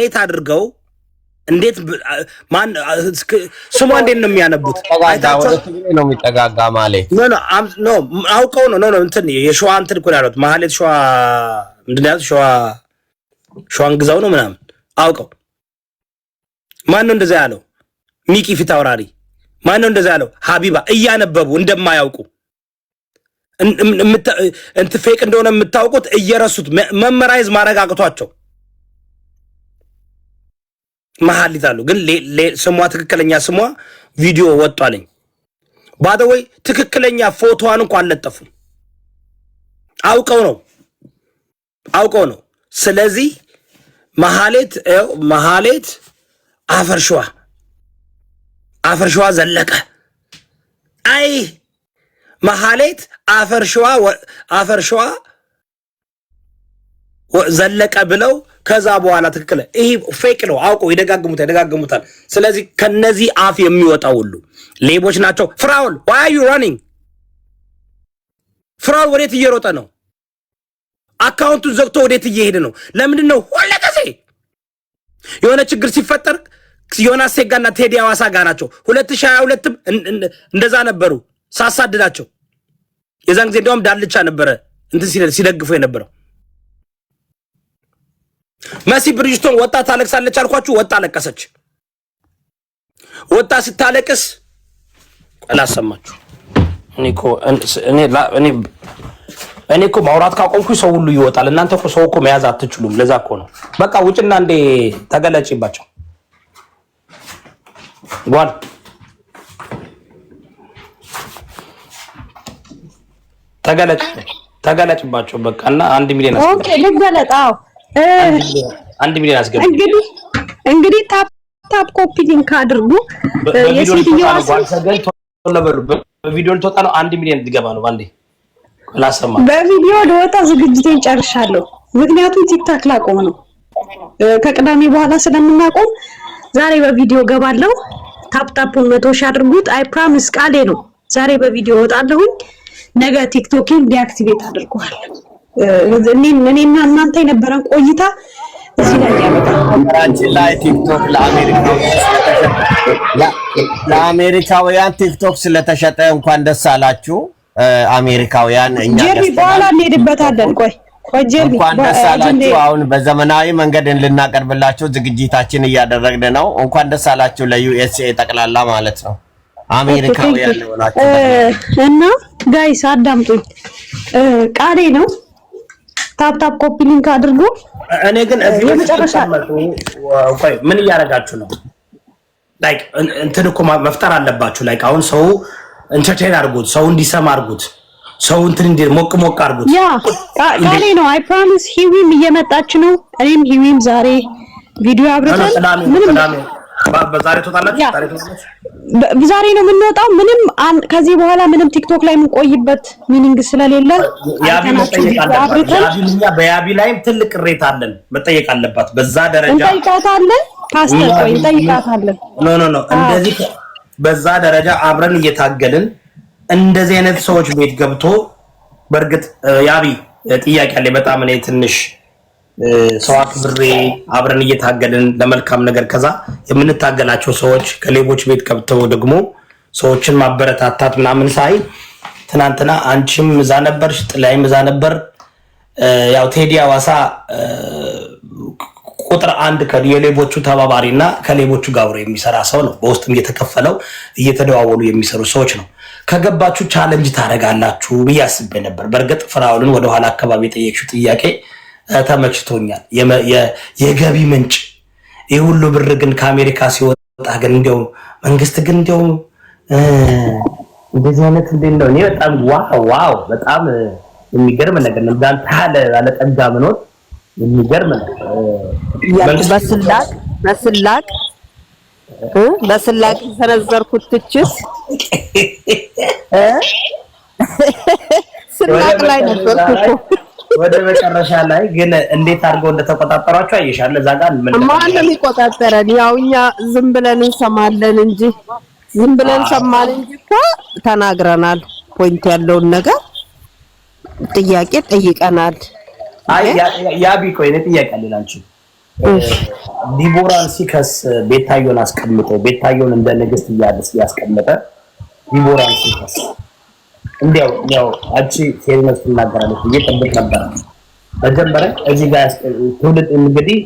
ሌት አድርገው እንዴት ማን ስሟ እንዴት ነው የሚያነቡት? ነው የሚጠጋጋ ማለት ነው። አውቀው ነው ነው እንትን የሸዋ እንትን እኮ ያሉት ማሌት ሸዋ ምንድን ነው ሸዋ ሸዋን ግዛው ነው ምናምን አውቀው። ማን ነው እንደዛ ያለው? ሚቂ ፊት አውራሪ። ማን ነው እንደዛ ያለው? ሀቢባ እያነበቡ እንደማያውቁ እንት ፌቅ እንደሆነ የምታውቁት እየረሱት መመራይዝ ማድረግ መሀል ይዛሉ። ግን ስሟ ትክክለኛ ስሟ ቪዲዮ ወጧልኝ ባደወይ ትክክለኛ ፎቶዋን እንኳ አልለጠፉም። አውቀው ነው አውቀው ነው። ስለዚህ መሀሌት መሀሌት አፈርሸዋ አፈርሸዋ ዘለቀ አይ መሀሌት አፈርሸዋ አፈርሸዋ ዘለቀ ብለው ከዛ በኋላ ትክክል ይሄ ፌክ ነው አውቀው ይደጋግሙታል ይደጋግሙታል። ስለዚህ ከነዚህ አፍ የሚወጣው ሁሉ ሌቦች ናቸው። ፍራውል why are you running ፍራውል ወዴት እየሮጠ ነው? አካውንቱን ዘግቶ ወዴት እየሄደ ነው? ለምንድን ነው ሁለ ጊዜ የሆነ ችግር ሲፈጠር ዮናስ ሴጋና ቴዲ አዋሳ ጋር ናቸው። ሁለት ሺህ እንደዛ ነበሩ ሳሳድዳቸው የዛን ጊዜ እንዲያውም ዳልቻ ነበረ እንትን ሲደግፉ የነበረው መሲ ብሪጅቶን ወጣ ታለቅሳለች አልኳችሁ። ወጣ አለቀሰች። ወጣ ስታለቅስ አላሰማችሁ። እኔ እኮ ማውራት ካቆምኩ ሰው ሁሉ ይወጣል። እናንተ እኮ ሰው እኮ መያዝ አትችሉም። ለዛ እኮ ነው በቃ ውጭና እንዴ ተገለጪባቸው ጓል ተገለጭባቸው በቃ እና አንድ ሚሊዮን ልገለጣው አንድ ሚሊዮን አስገቡ። እንግዲህ እንግዲህ ታፕ ታፕ ኮፒ ሊንክ አድርጉ። የሴትዮዋ በቪዲዮ ልትወጣ ነው። አንድ ሚሊዮን ልትገባ ነው። ባንዴ ላሰማ በቪዲዮ ልወጣ ዝግጅቴን ጨርሻለሁ። ምክንያቱም ቲክታክ ላቆም ነው ከቅዳሜ በኋላ ስለምናቆም ዛሬ በቪዲዮ ገባለሁ። ታፕታፑን መቶ ሺህ አድርጉት። አይ ፕራሚስ ቃሌ ነው። ዛሬ በቪዲዮ ወጣለሁኝ። ነገ ቲክቶኬን ዲአክቲቬት አድርጓለሁ። እኔና እናንተ የነበረን ቆይታ እዚህ ላይ ላይ ቲክቶክ ለአሜሪካውያን ቲክቶክ ስለተሸጠ እንኳን ደስ አላችሁ አሜሪካውያን። እኛ በኋላ እንሄድበታለን። ቆይ እንኳን ደስ አላችሁ። አሁን በዘመናዊ መንገድ ልናቀርብላችሁ ዝግጅታችን እያደረግን ነው። እንኳን ደስ አላችሁ ለዩኤስኤ ጠቅላላ ማለት ነው። አሜሪካውያን ሆናችሁ እና ጋይስ አዳምጡኝ፣ ቃሌ ነው ታፕታፕ ኮፒ ሊንክ አድርጉ። እኔ ግን እዚህ መጨረሻ ምን እያደረጋችሁ ነው? ላይክ እንትን እኮ መፍጠር አለባችሁ። ላይክ አሁን ሰው ኢንተርቴን አድርጉት፣ ሰው እንዲሰማ አድርጉት፣ ሰው እንትን እንዲ ሞቅ ሞቅ አድርጉት። ያ ቃሌ ነው። አይ ፕሮሚስ ሂዊም እየመጣች ነው። እኔም ሂዊም ዛሬ ቪዲዮ አብረታል ምንም ዛሬ ነው የምንወጣው። ምንም ከዚህ በኋላ ምንም ቲክቶክ ላይ የምንቆይበት ሚኒንግ ስለሌለ በያቢ ላይም ትልቅ ቅሬታ አለን፣ መጠየቅ አለባት። በዛ ደረጃ እንጠይቃታለን፣ ፓስተር ቆይ እንጠይቃታለን። ኖ ኖ ኖ እንደዚህ በዛ ደረጃ አብረን እየታገልን እንደዚህ አይነት ሰዎች ቤት ገብቶ በእርግጥ ያቢ ጥያቄ አለ በጣም እኔ ትንሽ ሰው አክብሬ አብረን እየታገልን ለመልካም ነገር ከዛ የምንታገላቸው ሰዎች ከሌቦች ቤት ከብተው ደግሞ ሰዎችን ማበረታታት ምናምን ሳይ ትናንትና አንቺም እዛ ነበር፣ ጥላይም እዛ ነበር። ያው ቴዲ አዋሳ ቁጥር አንድ የሌቦቹ ተባባሪ እና ከሌቦቹ ጋር አብሮ የሚሰራ ሰው ነው። በውስጥም እየተከፈለው እየተደዋወሉ የሚሰሩ ሰዎች ነው። ከገባችሁ ቻለንጅ ታደርጋላችሁ ብዬ አስቤ ነበር። በእርግጥ ፍራውልን ወደኋላ አካባቢ የጠየቅሽው ጥያቄ ተመችቶኛል። የገቢ ምንጭ ይህ ሁሉ ብር ግን ከአሜሪካ ሲወጣ ግን እንዲያው መንግስት ግን እንዲያው እንደዚህ አይነት እንዴት ነው? እኔ በጣም ዋው ዋው በጣም የሚገርም ነገር ነው። ዛንታ ባለጠጋ ምኖት የሚገርም በስላቅ በስላቅ በስላቅ የሰነዘርኩት ትችት ስላቅ ላይ ነበርኩ እኮ ወደ መጨረሻ ላይ ግን እንዴት አድርገው እንደተቆጣጠሯቸው አየሻለ። እዛ ጋር ማንም ይቆጣጠረን? ያው እኛ ዝም ብለን እንሰማለን እንጂ ዝም ብለን ሰማን እንጂ እኮ ተናግረናል። ፖይንት ያለውን ነገር ጥያቄ ጠይቀናል። አይ ያ ቢቆይ እኔ ጥያቄ አለላችሁ። ዲቦራን ሲከስ ቤታዮን አስቀምጦ ቤታዮን እንደ ንግስት እያደስ ያስቀመጠ ዲቦራን ሲከስ እንዲያው ያው አንቺ ሴሪነስ ትናገራለች ብዬ ጠብቅ ነበረ። መጀመሪያ እዚህ ጋር ትውልድ እንግዲህ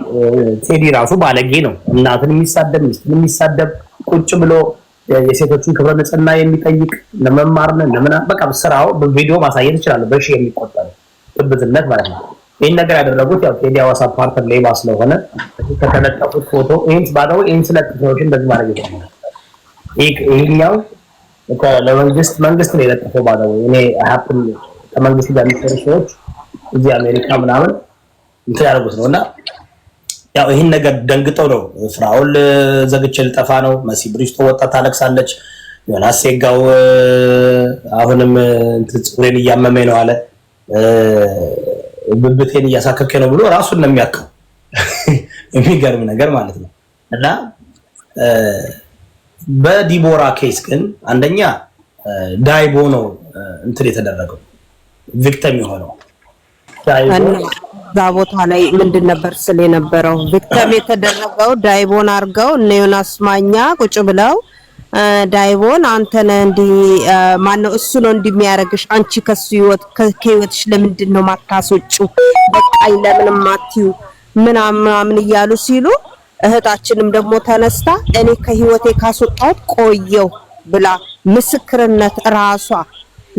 ቴዲ ራሱ ባለጌ ነው። እናትን የሚሳደብ ሚስትን የሚሳደብ ቁጭ ብሎ የሴቶችን ክብረ ንጽህና የሚጠይቅ ለመማርነ ለምና በቃ ስራው በቪዲዮ ማሳየት ይችላል። በሺ የሚቆጠሩ ትብትነት ማለት ነው። ይህን ነገር ያደረጉት ያው ቴዲ ሐዋሳ ፓርተር ሌባ ስለሆነ ከተለጠፉት ፎቶ ይህን ባለው ይህን ስለጥፎችን በዚህ ማድረግ ይችላል። ለመንግስት መንግስት ነው የለጠፈው ባለው እኔ ሀፕን ከመንግስት ጋር የሚሰሩ ሰዎች እዚህ አሜሪካ ምናምን እንትን ያደርጉት ነው እና ያው ይህን ነገር ደንግጠው ነው ፍራውል ዘግቼ ልጠፋ ነው። መሲ ብሪጅቶ ወጣ ታለቅሳለች። ዮናስ ሴጋው አሁንም ጽጉሬን እያመመኝ ነው አለ፣ ብብቴን እያሳከከ ነው ብሎ ራሱን ነው የሚያከው። የሚገርም ነገር ማለት ነው እና በዲቦራ ኬስ ግን አንደኛ ዳይቦ ነው እንትን የተደረገው ቪክተም የሆነው እዛ ቦታ ላይ ምንድን ነበር ስል የነበረው ቪክተም የተደረገው ዳይቦን አድርገው እነ ዮናስ ማኛ ቁጭ ብለው ዳይቦን አንተነ እንዲ ማነው እሱ ነው እንዲህ የሚያደርግሽ አንቺ ከሱ ህይወት ከህይወትሽ ለምንድን ነው ማታስወጪው በቃ ለምንም አትዩ ምናምን ምናምን እያሉ ሲሉ እህታችንም ደግሞ ተነስታ እኔ ከህይወቴ ካስወጣሁት ቆየው ብላ ምስክርነት ራሷ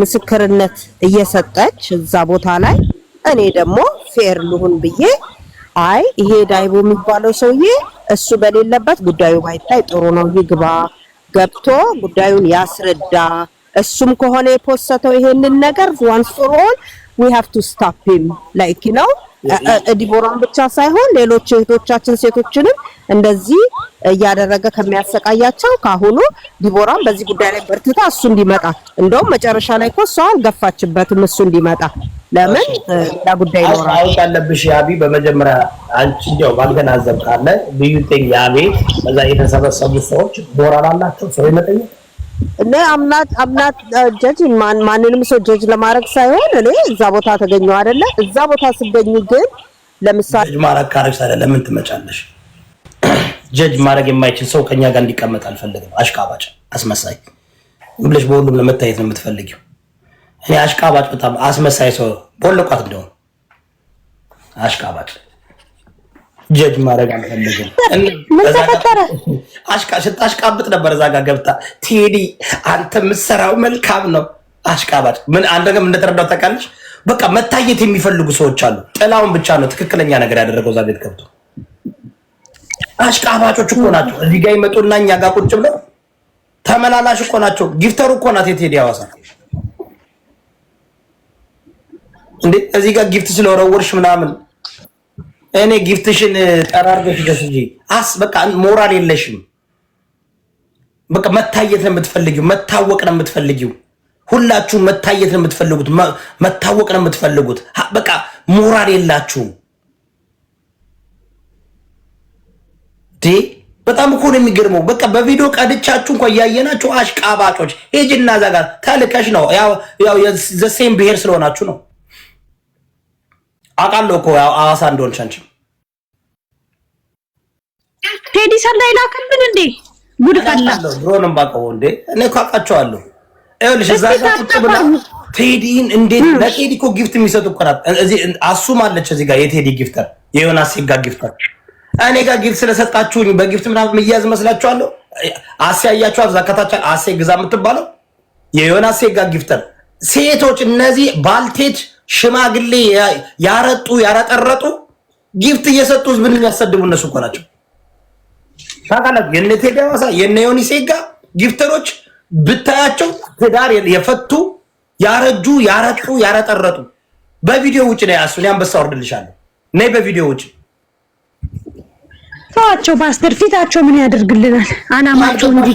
ምስክርነት እየሰጠች እዛ ቦታ ላይ እኔ ደግሞ ፌር ልሁን ብዬ አይ ይሄ ዳይቦ የሚባለው ሰውዬ እሱ በሌለበት ጉዳዩ ባይታይ ጥሩ ነው፣ ይግባ ገብቶ ጉዳዩን ያስረዳ። እሱም ከሆነ የፖሰተው ይሄንን ነገር ዋንስ ፎር ኦል ዊ ሃቭ ቱ ስታፕ ሂም ላይክ ነው ዲቦራን ብቻ ሳይሆን ሌሎች እህቶቻችን ሴቶችንም እንደዚህ እያደረገ ከሚያሰቃያቸው ካሁኑ ዲቦራን በዚህ ጉዳይ ላይ በርትታ እሱ እንዲመጣ እንደውም መጨረሻ ላይ እኮ እሷ አልገፋችበትም እሱ እንዲመጣ ለምን ሌላ ጉዳይ ይኖራል። አይ ያለብሽ ያቢ በመጀመሪያ አንቺ እንዲያው ባልገናዘብ ካለ ልዩ ጤኝ በዛ የተሰበሰቡ ሰዎች ሞራል አላቸው ሰው የመጠየቅ እኔ አምናት አምናት ጀጅ ማንንም ሰው ጀጅ ለማድረግ ሳይሆን እኔ እዛ ቦታ ተገኘው አይደለ? እዛ ቦታ ስገኝ ግን ለምሳሌ ጀጅ ማድረግ ካረግ ሳለ ለምን ትመጫለሽ? ጀጅ ማድረግ የማይችል ሰው ከኛ ጋር እንዲቀመጥ አልፈልግም። አሽቃባጭ፣ አስመሳይ ብለሽ በሁሉም ለመታየት ነው የምትፈልጊው። እኔ አሽቃባጭ፣ በጣም አስመሳይ ሰው ቦለቋት እንደሆነ አሽቃባጭ ጀጅ ማድረግ አልፈለግም። ስታሽቃብጥ ነበር እዛ ጋር ገብታ ቴዲ፣ አንተ የምትሰራው መልካም ነው። አሽቃባጭ ምን አንድ ነገር እንደተረዳው ታውቃለች። በቃ መታየት የሚፈልጉ ሰዎች አሉ። ጥላውን ብቻ ነው ትክክለኛ ነገር ያደረገው እዛ ቤት ገብቶ። አሽቃባጮች እኮ ናቸው። እዚህ ጋር ይመጡና እኛ ጋር ቁጭ ብለው ተመላላሽ እኮ ናቸው። ጊፍተሩ እኮ ናት የቴዲ አዋሳ እንዴ! እዚህ ጋር ጊፍት ስለወረወርሽ ምናምን እኔ ጊፍትሽን ጠራርገሽ ደስ እንጂ አስ በቃ ሞራል የለሽም። በቃ መታየት ነው የምትፈልጊው፣ መታወቅ ነው የምትፈልጊው። ሁላችሁም መታየት ነው የምትፈልጉት፣ መታወቅ ነው የምትፈልጉት። በቃ ሞራል የላችሁም። በጣም እኮ ነው የሚገርመው። በቃ በቪዲዮ ቀድቻችሁ እንኳ እያየናችሁ አሽቃባጮች፣ ሂጂና እዛ ጋር ተልከሽ ነው ያው የሴም ስለሆናችሁ ነው። አውቃለሁ እኮ አዋሳ እንደሆንሽ አንቺ ቴዲ ሰላይ ላክልን እንዴ ጉድ ካላ ድሮንም ባቀው እንዴ እኔ እኮ አውቃቸዋለሁ። ይኸውልሽ እዛ ጋር ቁጭ ብላ ቴዲን እንዴት ለቴዲ እኮ ጊፍት የሚሰጡ እኮ ናት። እዚህ አሱም አለች እዚህ ጋር የቴዲ ጊፍተር የዮናስ ጋ ጊፍተር እኔ ጋር ጊፍት ስለሰጣችሁኝ በጊፍት ምናምን እያዝ መስላችኋለሁ። አሴ አያችኋት እዛ ከታች አሴ ግዛ የምትባለው የዮናስ ጋ ጊፍተር ሴቶች እነዚህ ባልቴት ሽማግሌ ያረጡ ያረጠረጡ ጊፍት እየሰጡ ህዝብን የሚያሰድቡ እነሱ እኮ ናቸው። ታውቃለህ፣ የነ ቴዲ አዋሳ የነ ዮኒሴጋ ጊፍተሮች ብታያቸው ትዳር የፈቱ ያረጁ ያረጡ ያረጠረጡ። በቪዲዮ ውጭ ነው ያሱ። አንበሳ ወርድልሻለሁ። ነይ በቪዲዮ ውጭ ተዋቸው። ፓስተር ፊታቸው ምን ያደርግልናል? አናማቸው እንዲህ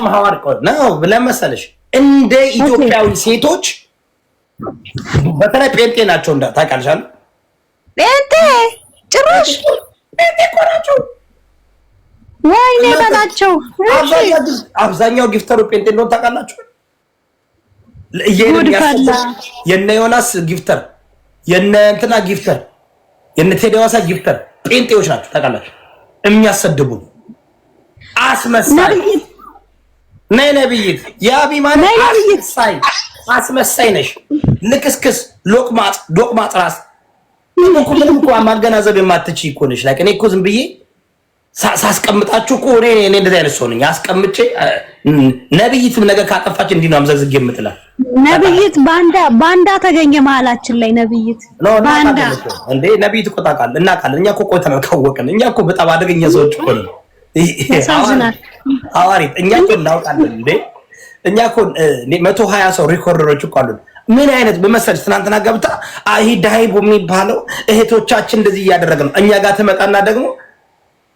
ለመሰለሽ እንደ ኢትዮጵያዊ ሴቶች በተለይ ጴንጤ ናቸው ታውቃለሽ። ጴንጤ ጭራሽ ጴንጤ እኮ ናቸው። ወይኔ በላቸው። አብዛኛው ጊፍተሩ ጴንጤ እንደሆነ ታውቃላችሁ። የነ ዮናስ ጊፍተር፣ የነ እንትና ጊፍተር፣ የነ ቴዲ አዋሳ ጊፍተር ጴንጤዎች ናቸው ታውቃላችሁ። የሚያሰድቡ አስመሳይ ነይ ነብይት የአቢ ማለት አስመሳይ አስመሳይ ነሽ። ንክስክስ ሎቅማጥ ዶቅማ ጥራስ ምንም እኮ ማገናዘብ እኮ ነሽ። ላይክ እኔ እኮ ዝም ብዬ ሳስቀምጣችሁ እኮ እኔ እኔ እንደዚህ አይነት ሰው ነኝ። አስቀምጬ ነብይትም ነገር ካጠፋች እንዲህ ነው አምዘግዝግ ነብይት ባንዳ ባንዳ ተገኘ መሀላችን ላይ ነብይት ባንዳ እንዴ ነብይት እኮ ታውቃለህ፣ እናውቃለን። እኛ እኮ ቆይተን እኛ እኮ በጣም አደገኛ ሰዎች እኮ ነው። አዋሪት እኛ እኮ እናውቃለን እንዴ እኛ እኮ መቶ ሀያ ሰው ሪኮርደሮች እኮ አሉን። ምን አይነት በመሰለች ትናንትና ገብታ ይሄ ዳይቦ የሚባለው እህቶቻችን እንደዚህ እያደረገ ነው። እኛ ጋር ትመጣና ደግሞ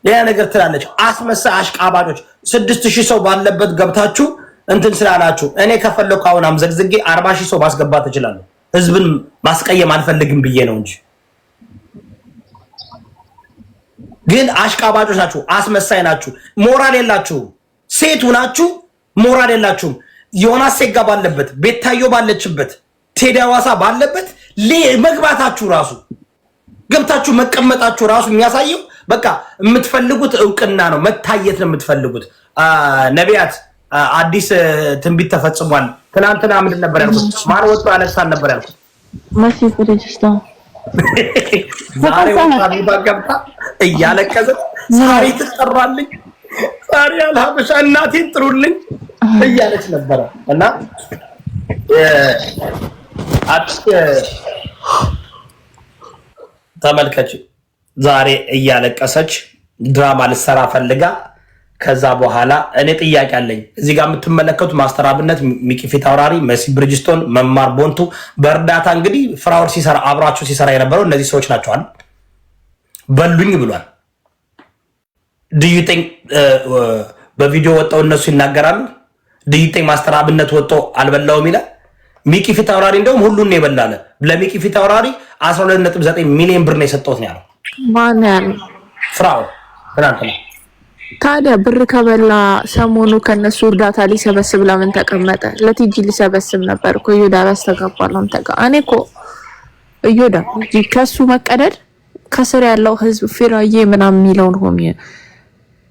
ሌላ ነገር ትላለች። አስመሳይ አሽቃባጮች፣ ስድስት ሺህ ሰው ባለበት ገብታችሁ እንትን ስላላችሁ እኔ ከፈለኩ አሁን አምዘግዝጌ አርባ ሺህ ሰው ማስገባት እችላለሁ። ህዝብን ማስቀየም አልፈልግም ብዬ ነው እንጂ ግን አሽቃባጮች ናችሁ፣ አስመሳይ ናችሁ፣ ሞራል የላችሁም፣ ሴቱ ናችሁ ሞራል የላችሁም። ዮናስ ሴጋ ባለበት፣ ቤታዮ ባለችበት፣ ቴዲ አዋሳ ባለበት መግባታችሁ ራሱ ገብታችሁ መቀመጣችሁ ራሱ የሚያሳየው በቃ የምትፈልጉት እውቅና ነው፣ መታየት ነው የምትፈልጉት። ነቢያት አዲስ ትንቢት ተፈጽሟል። ትናንትና ምንድን ነበር ያልኩት? ማን ወጡ አለሳን ነበር ያልኩት። ዛሬ ወጣ ገብታ እያለቀሰ ዛሬ ትጠራልኝ ዛሬ አልሀበሻ እናቴን ጥሩልኝ እያለች ነበረ እና ተመልከች፣ ዛሬ እያለቀሰች ድራማ ልሰራ ፈልጋ ከዛ በኋላ እኔ ጥያቄ አለኝ። እዚህ ጋር የምትመለከቱ ማስተር አብነት፣ ሚኪ ፊት አውራሪ፣ መሲ ብርጅስቶን፣ መማር ቦንቱ በእርዳታ እንግዲህ ፍራወር ሲሰራ አብራችሁ ሲሰራ የነበረው እነዚህ ሰዎች ናቸዋል። በሉኝ ብሏል። ዱዩ ቲንክ uh, uh, በቪዲዮ ወጣው እነሱ ይናገራሉ። ዱዩ ቲንክ ማስተር አብነት ወጦ አልበላውም ይላል። ሚኪ ፊት አውራሪ እንደውም ሁሉን ነው የበላለ። ለሚኪ ፊት አውራሪ 12.9 ሚሊዮን ብር ነው የሰጠሁት ነው ያለው። ማን ያለው? ፍራው ትናንትና። ታዲያ ብር ከበላ ሰሞኑ ከነሱ እርዳታ ሊሰበስብ ለምን ተቀመጠ? ለቲጂ ሊሰበስብ ነበር እኮ እዮዳ ያስተጋባል። እኔ እኮ እዮዳ ከሱ መቀደድ ከስር ያለው ህዝብ ፊራዬ ምናምን የሚለውን ሆሚ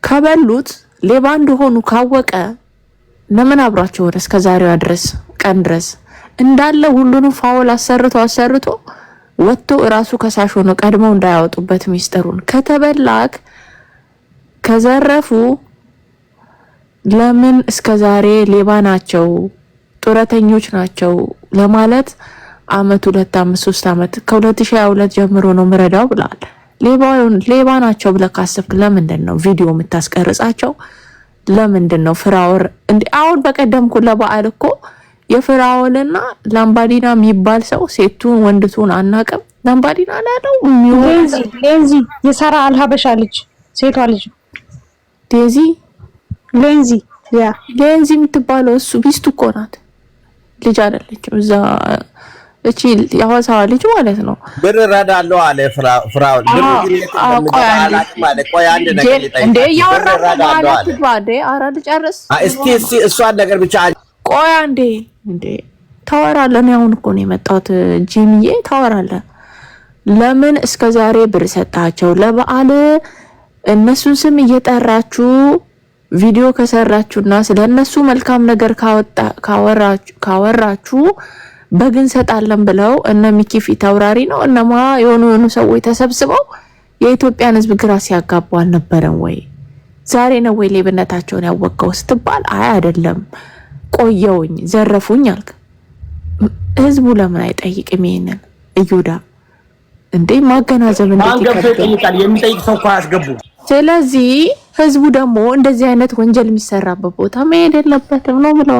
ከበሉት ሌባ እንደሆኑ ካወቀ ለምን አብሯቸው ሆነ? እስከ ዛሬዋ ድረስ ቀን ድረስ እንዳለ ሁሉንም ፋውል አሰርቶ አሰርቶ ወጥቶ እራሱ ከሳሽ ሆኖ ቀድመው እንዳያወጡበት ሚስጥሩን ከተበላክ ከዘረፉ ለምን እስከ ዛሬ ሌባ ናቸው ጡረተኞች ናቸው ለማለት አመት ሁለት አምስት ሶስት አመት ከ2022 ጀምሮ ነው ምረዳው ብለዋል። ሌባ ናቸው ብለህ ካሰብክ ለምንድን ነው ቪዲዮ የምታስቀርጻቸው? ለምንድን ነው ፍራወር እንዲ አሁን በቀደም እኮ ለበዓል እኮ የፍራወልና ላምባዲና የሚባል ሰው ሴቱን ወንድቱን አናቅም። ላምባዲና ላለው ሌንዚ የሰራ አልሀበሻ ልጅ ሴቷ ልጅ ዴዚ ሌንዚ ያ ሌንዚ የምትባለው እሱ ሚስቱ እኮ ናት፣ ልጅ አይደለችም እዛ እቺ የሐዋሳዋ ልጅ ማለት ነው። ብር እረዳለሁ አለ ፍራው ማለት እሷን ነገር ብቻ ቆያ እንዴ እንዴ ታወራለህ። አሁን እኮ ነው የመጣሁት። ጂምዬ ለምን እስከ ዛሬ ብር ሰጣቸው? ለበዓል እነሱን ስም እየጠራችሁ ቪዲዮ ከሰራችሁና ስለ እነሱ መልካም ነገር ካወራችሁ በግ እንሰጣለን ብለው እነ ሚኪ ፊት አውራሪ ነው እነማ የሆኑ የሆኑ ሰዎች ተሰብስበው የኢትዮጵያን ህዝብ ግራ ሲያጋቡ አልነበረም ወይ? ዛሬ ነው ወይ ሌብነታቸውን ያወቀው ስትባል፣ አይ አይደለም ቆየውኝ ዘረፉኝ አልክ። ህዝቡ ለምን አይጠይቅም? ይሄንን እዩዳ እንዴ ማገናዘብ ይጠይቃል። የሚጠይቅ ሰው እኮ አያስገቡ። ስለዚህ ህዝቡ ደግሞ እንደዚህ አይነት ወንጀል የሚሰራበት ቦታ መሄድ የለበትም ነው ብለው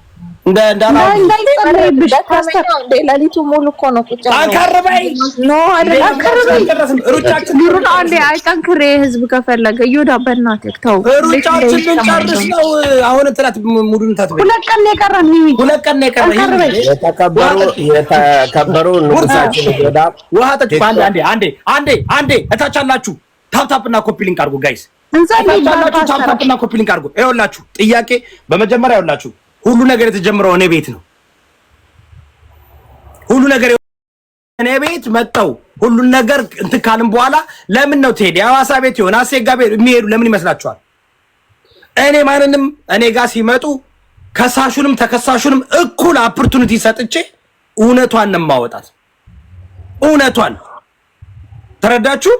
ነው ሙሉ ንታት ሁለት ቀን እታች አላችሁ። ታፕታፕ እና ኮፒ ሊንክ አድርጉ ጋይስ፣ ታፕታፕ እና ኮፒ ሊንክ አድርጉ። ይኸውላችሁ ጥያቄ በመጀመሪያ ይኸውላችሁ ሁሉ ነገር የተጀመረው እኔ ቤት ነው። ሁሉ ነገር እኔ ቤት መጣው። ሁሉን ነገር እንትን ካልን በኋላ ለምን ነው ቴዲ ሐዋሳ ቤት ይሆን አሴጋ ቤት የሚሄዱ ለምን ይመስላችኋል? እኔ ማንንም እኔ ጋር ሲመጡ ከሳሹንም ተከሳሹንም እኩል አፕርቱኒቲ ሰጥቼ እውነቷን ነው ማወጣት። እውነቷን ተረዳችሁ?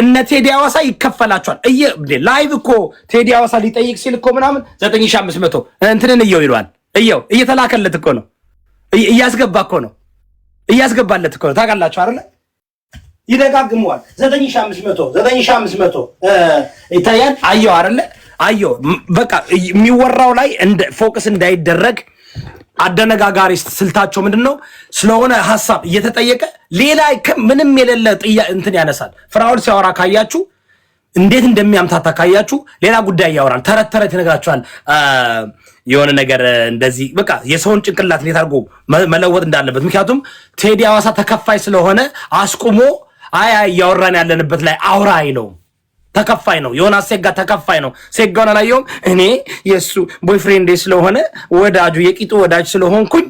እነ ቴዲ አዋሳ ይከፈላቸዋል። እየ ላይቭ እኮ ቴዲ አዋሳ ሊጠይቅ ሲል እኮ ምናምን ዘጠኝ ሺህ አምስት መቶ እንትንን እየው ይሏል። እየው እየተላከለት እኮ ነው እያስገባ እኮ ነው እያስገባለት እኮ ነው። ታውቃላችሁ አይደለ? ይደጋግመዋል። ዘጠኝ ሺህ አምስት መቶ ዘጠኝ ሺህ አምስት መቶ ይታያል። አየው አይደለ? አየው በቃ የሚወራው ላይ ፎቅስ እንዳይደረግ አደነጋጋሪ ስልታቸው ምንድን ነው? ስለሆነ ሀሳብ እየተጠየቀ ሌላ ምንም የሌለ እንትን ያነሳል። ፍራኦል ሲያወራ ካያችሁ እንዴት እንደሚያምታታ ካያችሁ፣ ሌላ ጉዳይ ያወራል። ተረት ተረት ይነግራችኋል። የሆነ ነገር እንደዚህ በቃ የሰውን ጭንቅላት እንዴት አድርጎ መለወጥ እንዳለበት። ምክንያቱም ቴዲ አዋሳ ተከፋይ ስለሆነ አስቁሞ አይ አይ እያወራን ያለንበት ላይ አውራ አይለውም። ተከፋይ ነው። ዮናስ ሴጋ ተከፋይ ነው። ሴጋውን አላየውም። እኔ የእሱ ቦይፍሬንዴ ስለሆነ ወዳጁ የቂጡ ወዳጅ ስለሆንኩኝ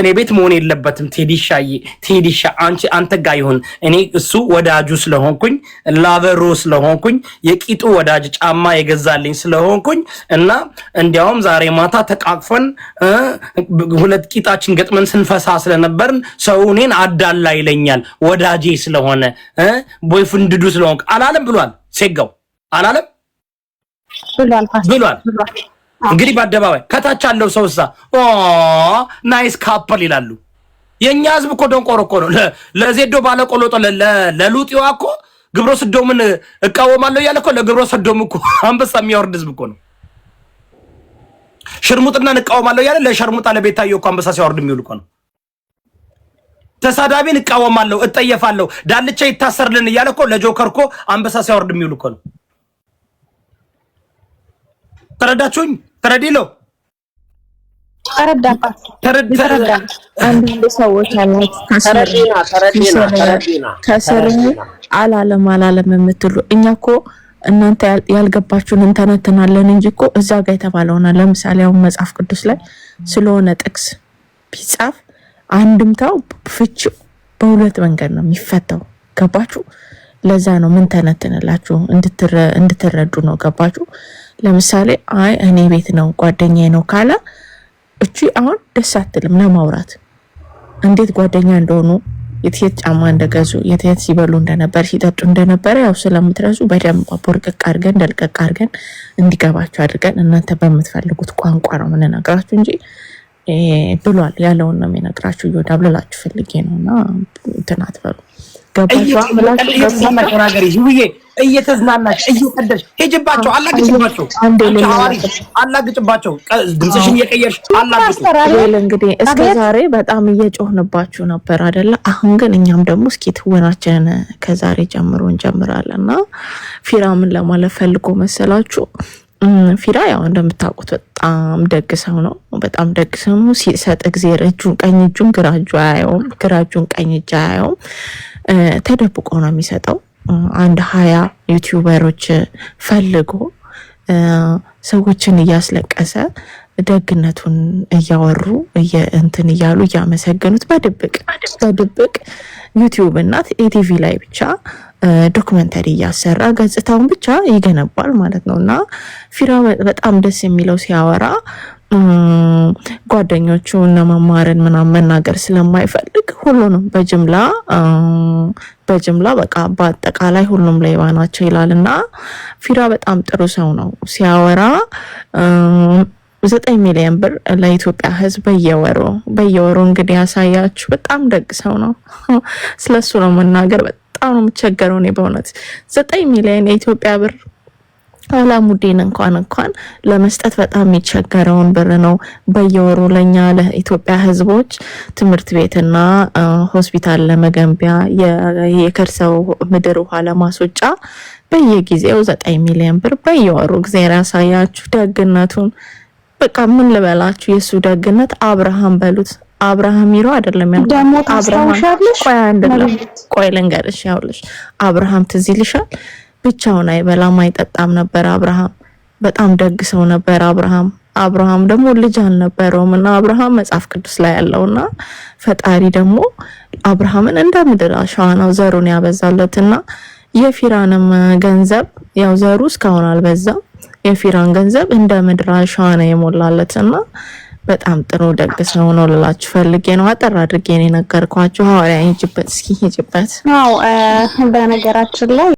እኔ ቤት መሆን የለበትም። ቴዲሻዬ ቴዲሻ አንቺ አንተ ጋ ይሁን። እኔ እሱ ወዳጁ ስለሆንኩኝ ላበሮ ስለሆንኩኝ የቂጡ ወዳጅ ጫማ የገዛልኝ ስለሆንኩኝ እና እንዲያውም ዛሬ ማታ ተቃቅፈን ሁለት ቂጣችን ገጥመን ስንፈሳ ስለነበርን ሰው እኔን አዳላ ይለኛል ወዳጄ ስለሆነ ቦይፍንድዱ ስለሆንኩ አላለም። ብሏል። ሴጋው አላለም ብሏል። እንግዲህ በአደባባይ ከታች ያለው ሰው እሳ ናይስ ካፕል ይላሉ። የእኛ ህዝብ እኮ ደንቆሮ እኮ ነው። ለዜዶ ባለቆሎጦ ለሉጢዋ እኮ ግብሮ ስዶምን እቃወማለሁ እያለ እኮ ለግብሮ ስዶም እኮ አንበሳ የሚያወርድ ህዝብ እኮ ነው። ሽርሙጥናን እቃወማለሁ እያለ ለሸርሙጣ ለቤታዮ እኮ አንበሳ ሲያወርድ የሚውል እኮ ነው። ተሳዳቢን እቃወማለሁ፣ እጠየፋለሁ፣ ዳልቻ ይታሰርልን እያለ እኮ ለጆከር እኮ አንበሳ ሲያወርድ የሚውል እኮ ነው። ተረዳችሁኝ? ተረዲሎ ከስር አላለም አላለም የምትሉ እኛ እኮ እናንተ ያልገባችሁን እንተነትናለን እንጂ እኮ እዛ ጋ የተባለውና ለምሳሌ አሁን መጽሐፍ ቅዱስ ላይ ስለሆነ ጥቅስ ቢጻፍ አንድምታው ፍቺው በሁለት መንገድ ነው የሚፈታው። ገባችሁ? ለዛ ነው ምን ተነትንላችሁ እንድትረዱ ነው። ገባችሁ? ለምሳሌ አይ እኔ ቤት ነው ጓደኛዬ ነው ካለ እቺ አሁን ደስ አትልም ለማውራት እንዴት ጓደኛ እንደሆኑ የትየት ጫማ እንደገዙ የትየት ሲበሉ እንደነበር ሲጠጡ እንደነበረ ያው ስለምትረሱ በደንብ ቦርቅቅ አድርገን ደልቀቅ አድርገን እንዲገባቸው አድርገን እናንተ በምትፈልጉት ቋንቋ ነው ምንነግራችሁ እንጂ ብሏል ያለውን ነው የሚነግራችሁ። እዮዳብ ልላችሁ ፈልጌ ነው እና እንትን አትበሉ። እየተዝናናች እየቀደሽ ሄጅባቸው አላግጭባቸው አላግጭባቸው ድምፅሽን እየቀየርሽ እንግዲህ እስከ ዛሬ በጣም እየጮህንባችሁ ነበር አደለ? አሁን ግን እኛም ደግሞ እስኪ ትወናችን ከዛሬ ጀምሮ እንጀምራለን እና ፊራምን ለማለት ፈልጎ መሰላችሁ። ፊራ ያው እንደምታውቁት በጣም ደግ ሰው ነው በጣም ደግ ስሙ ሲሰጥ እግዜር እጁን ቀኝ እጁን ግራ እጁ አያየውም፣ ግራ እጁን ቀኝ እጅ አያየውም። ተደብቆ ነው የሚሰጠው። አንድ ሀያ ዩቲዩበሮች ፈልጎ ሰዎችን እያስለቀሰ ደግነቱን እያወሩ እንትን እያሉ እያመሰገኑት በድብቅ በድብቅ ዩቲዩብ እና ኢቲቪ ላይ ብቻ ዶክመንተሪ እያሰራ ገጽታውን ብቻ ይገነባል ማለት ነው። እና ፊራ በጣም ደስ የሚለው ሲያወራ ጓደኞቹን ለመማርን ምናምን መናገር ስለማይፈልግ ሁሉንም በጅምላ በጅምላ በቃ በአጠቃላይ ሁሉም ሌባ ናቸው ይላል እና ፊራ በጣም ጥሩ ሰው ነው። ሲያወራ ዘጠኝ ሚሊዮን ብር ለኢትዮጵያ ሕዝብ በየወሩ በየወሩ እንግዲህ ያሳያችሁ። በጣም ደግ ሰው ነው። ስለሱ ነው መናገር በጣም ነው የምቸገረው እኔ በእውነት ዘጠኝ ሚሊዮን የኢትዮጵያ ብር አላሙዲን እንኳን እንኳን ለመስጠት በጣም የሚቸገረውን ብር ነው በየወሩ ለኛ ለኢትዮጵያ ሕዝቦች ትምህርት ቤትና ሆስፒታል ለመገንቢያ የከርሰው ምድር ውሃ ለማስወጫ በየጊዜው ዘጠኝ ሚሊዮን ብር በየወሩ ጊዜ ያሳያችሁ ደግነቱን። በቃ ምን ልበላችሁ፣ የእሱ ደግነት አብርሃም በሉት አብርሃም ይሮ አይደለም ያልኩት። ቆይ አንድ ቆይ ልንገርሽ፣ ያውልሽ አብርሃም ትዝ ይልሻል ብቻውን አይበላም አይጠጣም ነበር አብርሃም። በጣም ደግ ሰው ነበር አብርሃም። አብርሃም ደግሞ ልጅ አልነበረውም እና አብርሃም መጽሐፍ ቅዱስ ላይ ያለውና ፈጣሪ ደግሞ አብርሃምን እንደ ምድር አሸዋ ነው ዘሩን ያበዛለትና የፊራንም ገንዘብ ያው ዘሩ እስካሁን አልበዛም። የፊራን ገንዘብ እንደ ምድር አሸዋ ነው የሞላለትና በጣም ጥሩ ደግ ሰው ነው ልላችሁ ፈልጌ ነው። አጠር አድርጌ ነው የነገርኳችሁ። ሐዋርያ ሄጅበት፣ እስኪ ሄጅበት። አዎ በነገራችን ላይ